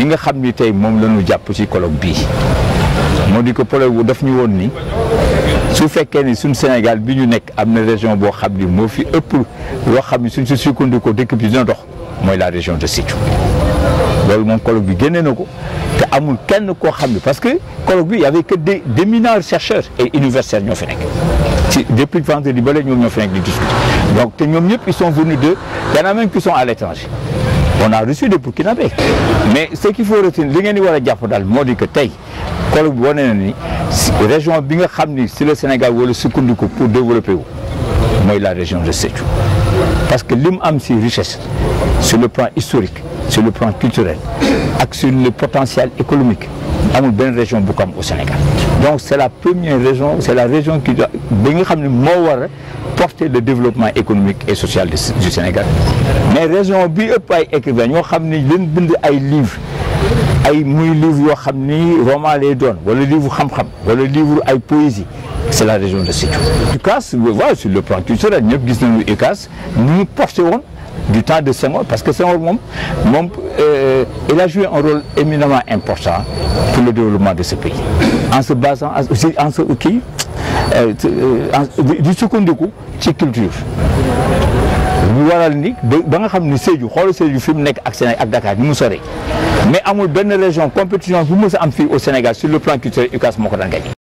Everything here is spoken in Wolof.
li nga xamni tay mom lañu japp ci colloque bi mo di ko wu daf ñu won ni su fekke ni sun Sénégal bi ñu nekk am région bo xamni mo fi ëpp loo xamni sun suñ si sukkandikoo dëkk bi dina dox moy la région de Sédhiou loolu mom colloque bi génnee nako te amul kenn ko xamni parce que colloque bi y avait que des d'éminents chercheurs et universitaires ñoo fi nekk ci depuis vendredi ba léegi ñoom ñoo fi nekk di discuter donc te ñom ñep ils sont venus de y en a même qui sont à l'étranger on a reçu des Burkinabés mais ce qu'il faut retenir li a que tey région le Sénégal wala sukkandiku pour développer Mais la région de tout. parce que l'homme a une richesse sur le plan historique sur le plan culturel sur le potentiel économique amul benn région bu ko au Sénégal donc c'est la première région c'est la région qui bi nga xamni mo moo war porter le développement économique et social du Sénégal mais région bi ëpp ay écrivain ñoo xamni ne leen bind ay livres ay muy livre yo xamni roman lay doon wala livre xam-xam wala livre ay poésie c'est la région de Sédhiou UCAS voilà sur le plan culturel ñëpp gis nañu UCAS ni mu du temps de Senghor parce que Senghor moom euh, il a joué un rôle éminemment important pour le développement de ce pays en se basant aussi en se qui, euh, du sukkandiku ci culture c'est waral ni ba nga xam ni Sédhiou xoolal Sédhiou fi mu nekk ak Sénégal ak Dakar ni mu sore mais amul benn région compétition bu mës a am au Sénégal sur le plan culturel UCAS moo